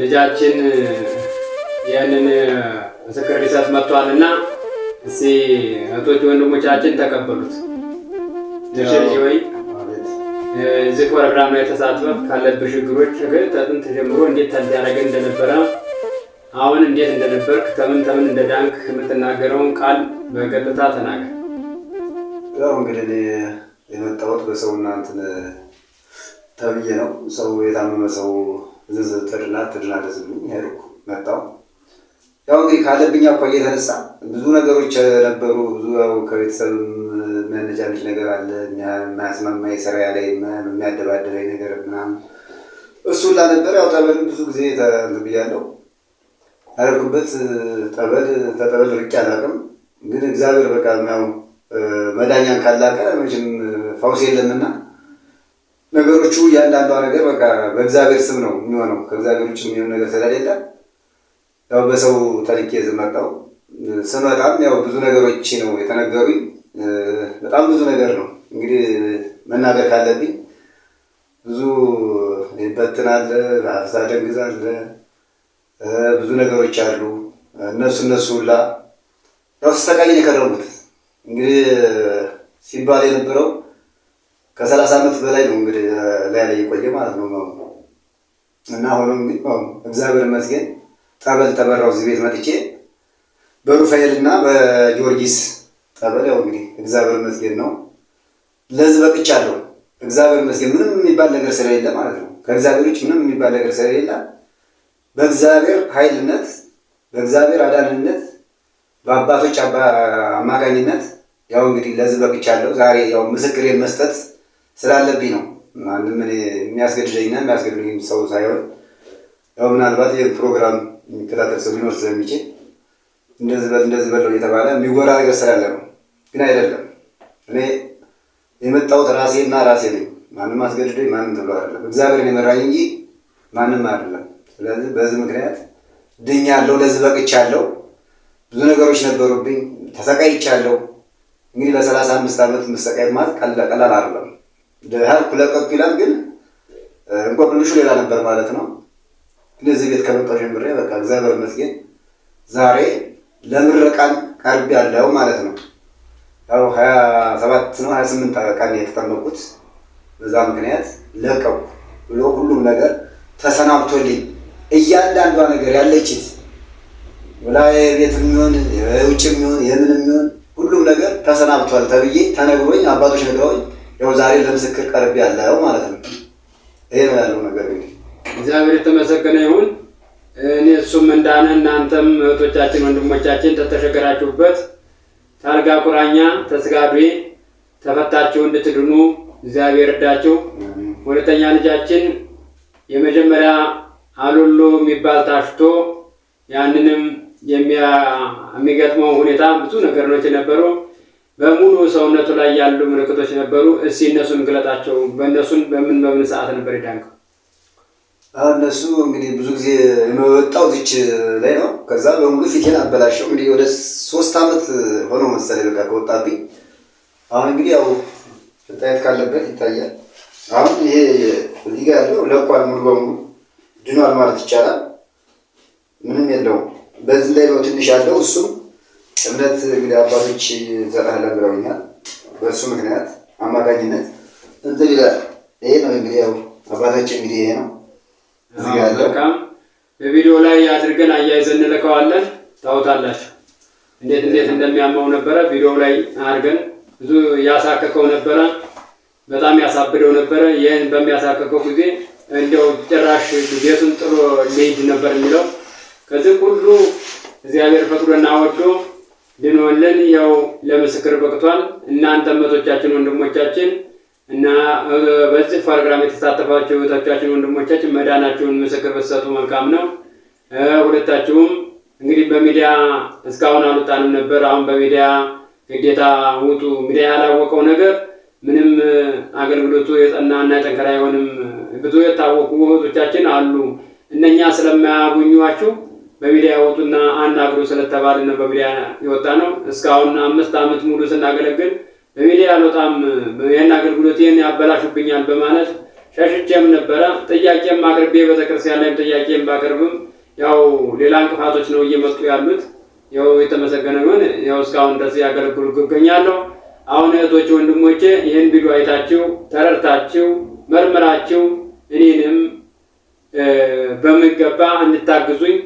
ልጃችን ያንን ምስክር ሊሰጥ መጥቷልና እስኪ እህቶች ወንድሞቻችን ተቀበሉት። ልጅ ወይ እዚህ ፕሮግራም ላይ ተሳትፈ ካለብህ ችግሮች ከጥንት ጀምሮ እንዴት ታዳረገ እንደነበረ አሁን እንዴት እንደነበርክ ከምን ከምን እንደዳንክ የምትናገረውን ቃል በቀጥታ ተናገር። ያው እንግዲህ የመጣሁት በሰው እናንትን ተብዬ ነው ሰው የታመመ ሰው ዝዝ ትድና ትድና ደስ ብሎኝ ሄድኩ መጣሁ። ያው እንግዲህ ካለብኝ አኳያ የተነሳ ብዙ ነገሮች ነበሩ። ብዙ ያው ከቤተሰብ የሚያነጫንጭ ነገር አለ፣ የማያስማማ የሰራያ ላይ የሚያደባደበኝ ነገር ምናምን እሱን ላነበረ ያው ጠበል ብዙ ጊዜ ተብያለሁ። ያደርኩበት ጠበል ተጠበል ርቅ አላውቅም። ግን እግዚአብሔር በቃ ያው መዳኛን ካላቀ መቼም ፈውስ የለምና ነገሮቹ ያንዳንዷ ነገር በቃ በእግዚአብሔር ስም ነው የሚሆነው። ከእግዚአብሔር ውጭ የሚሆን ነገር ስለሌለ ያው በሰው ተልኬ መጣሁ። ስመጣም ያው ብዙ ነገሮች ነው የተነገሩኝ። በጣም ብዙ ነገር ነው እንግዲህ መናገር ካለብኝ ብዙ ይበትናል፣ አፍዛ ደንግዛል፣ ብዙ ነገሮች አሉ። እነሱ እነሱ ሁላ ያው ስተቃኝ የከረሙት እንግዲህ ሲባል የነበረው ከሰላሳ ዓመት በላይ ነው እንግዲህ ላይ ላይ የቆየ ማለት ነው እና አሁንም እግዚአብሔር ይመስገን ጠበል ተበራው እዚህ ቤት መጥቼ በሩፋኤል እና በጊዮርጊስ ጠበል ያው እንግዲህ እግዚአብሔር ይመስገን ነው ለዚህ በቅቻለሁ። እግዚአብሔር ይመስገን ምንም የሚባል ነገር ስለሌለ ማለት ነው። ከእግዚአብሔር ውጭ ምንም የሚባል ነገር ስለሌለ በእግዚአብሔር ኃይልነት በእግዚአብሔር አዳንነት በአባቶች አማካኝነት ያው እንግዲህ ለዚህ በቅቻለሁ። ዛሬ ያው ምስክሬን መስጠት ስላለብኝ ነው። ማንም የሚያስገድደኝና የሚያስገድደኝ ሰው ሳይሆን ያው ምናልባት ፕሮግራም የሚከታተል ሰው ሊኖር ስለሚችል እንደዚህ በል እንደዚህ በለው እየተባለ የሚወራ ነገር ስላለ ነው። ግን አይደለም እኔ የመጣሁት እና ራሴ ነኝ። ማንም አስገድደኝ ማንም ተብሎ አይደለም፣ እግዚአብሔር የመራኝ እንጂ ማንም አይደለም። ስለዚህ በዚህ ምክንያት ድኛለሁ፣ ለዚህ በቅቻለሁ። ብዙ ነገሮች ነበሩብኝ፣ ተሰቃይቻለሁ። እንግዲህ ለሰላሳ አምስት ዓመት መሰቃየት ማለት ቀላል አይደለም። ደሃልኩ ለቀኩ ይላል። ግን እንቆቅልሹ ሌላ ነበር ማለት ነው። እዚህ ቤት ከመጣሁ ጀምሬ በቃ እግዚአብሔር ይመስገን ዛሬ ለምረቃን ቀርብ ያለው ማለት ነው። ያው ሀያ ሰባት ነው ሀያ ስምንት ቀን የተጠመቁት በዛ ምክንያት ለቀቁ ብሎ ሁሉም ነገር ተሰናብቶልኝ እያንዳንዷ ነገር ያለችት ወላ ቤት የሚሆን የውጭ የሚሆን የምን የሚሆን ሁሉም ነገር ተሰናብቷል ተብዬ ተነግሮኝ አባቶች ነግረውኝ ያው ዛሬ ለምስክር ቀርብ ያለው ማለት ነው። ይሄ ነው ያለው ነገር። እግዚአብሔር የተመሰገነ ይሁን። እኔ እሱም እንዳነ እናንተም እህቶቻችን ወንድሞቻችን ተተሸገራችሁበት ታልጋ ቁራኛ ተስጋቤ ተፈታችሁ እንድትድኑ እግዚአብሔር እርዳችሁ። ሁለተኛ ልጃችን የመጀመሪያ አሉሎ የሚባል ታሽቶ ያንንም የሚገጥመው ሁኔታ ብዙ ነገሮች ነበሩ። በሙሉ ሰውነቱ ላይ ያሉ ምልክቶች ነበሩ። እስኪ እነሱን ግለጣቸው። በእነሱን በምን በምን ሰዓት ነበር የዳንከው? እነሱ እንግዲህ ብዙ ጊዜ የመወጣው ዚች ላይ ነው። ከዛ በሙሉ ፊቴን አበላሸው። እንግዲህ ወደ ሶስት ዓመት ሆኖ መሰለኝ በቃ ከወጣብኝ። አሁን እንግዲህ ያው መታየት ካለበት ይታያል። አሁን ይሄ እዚህ ጋር ያለው ለቋል፣ ሙሉ በሙሉ ድኗል ማለት ይቻላል። ምንም የለውም። በዚህ ላይ ነው ትንሽ ያለው እሱም እምነት እንግዲህ አባቶች ዘጠህለ ብለውኛል። በእሱ ምክንያት አማካኝነት እንትን ይላል። ይሄ ነው እንግዲህ ያው አባታችን እንግዲህ ይሄ ነው። በቃም በቪዲዮ ላይ አድርገን አያይዘን እንልከዋለን። ታውታላችሁ እንዴት እንዴት እንደሚያመው ነበረ። ቪዲዮ ላይ አድርገን ብዙ ያሳከከው ነበረ፣ በጣም ያሳብደው ነበረ። ይህን በሚያሳከከው ጊዜ እንደው ጭራሽ ቤቱን ጥሎ ሊሄድ ነበር የሚለው ከዚህ ሁሉ እግዚአብሔር ፈቅዶና ወዶ ድንወለን ያው ለምስክር በቅቷል። እናንተ እህቶቻችን ወንድሞቻችን እና በዚህ ፕሮግራም የተሳተፋችሁ እህቶቻችን ወንድሞቻችን መዳናችሁን ምስክር ብትሰጡ መልካም ነው። ሁለታችሁም እንግዲህ በሚዲያ እስካሁን አልወጣንም ነበር። አሁን በሚዲያ ግዴታ ውጡ። ሚዲያ ያላወቀው ነገር ምንም አገልግሎቱ የጠና እና የጠንከራ አይሆንም። ብዙ የታወቁ እህቶቻችን አሉ። እነኛ ስለማያጎኟችሁ በሚዲያ ወጡና አንድ አግሮ አናግሩ ነው በሚዲያ የወጣ ነው። እስካሁን አምስት ዓመት ሙሉ ስናገለግል በሚዲያ አልወጣም፣ ይህን አገልግሎት ይህን ያበላሹብኛል በማለት ሸሽቼም ነበረ። ጥያቄም አቅርቤ ቤተክርስቲያን ላይም ጥያቄም ባቅርብም ያው ሌላ እንቅፋቶች ነው እየመጡ ያሉት። ያው የተመሰገነ ይሁን። ያው እስካሁን ድረስ ያገለግሉ ይገኛለሁ። አሁን እህቶች ወንድሞቼ፣ ይህን ቪዲዮ አይታችሁ ተረድታችሁ መርምራችሁ እኔንም በሚገባ እንድታግዙኝ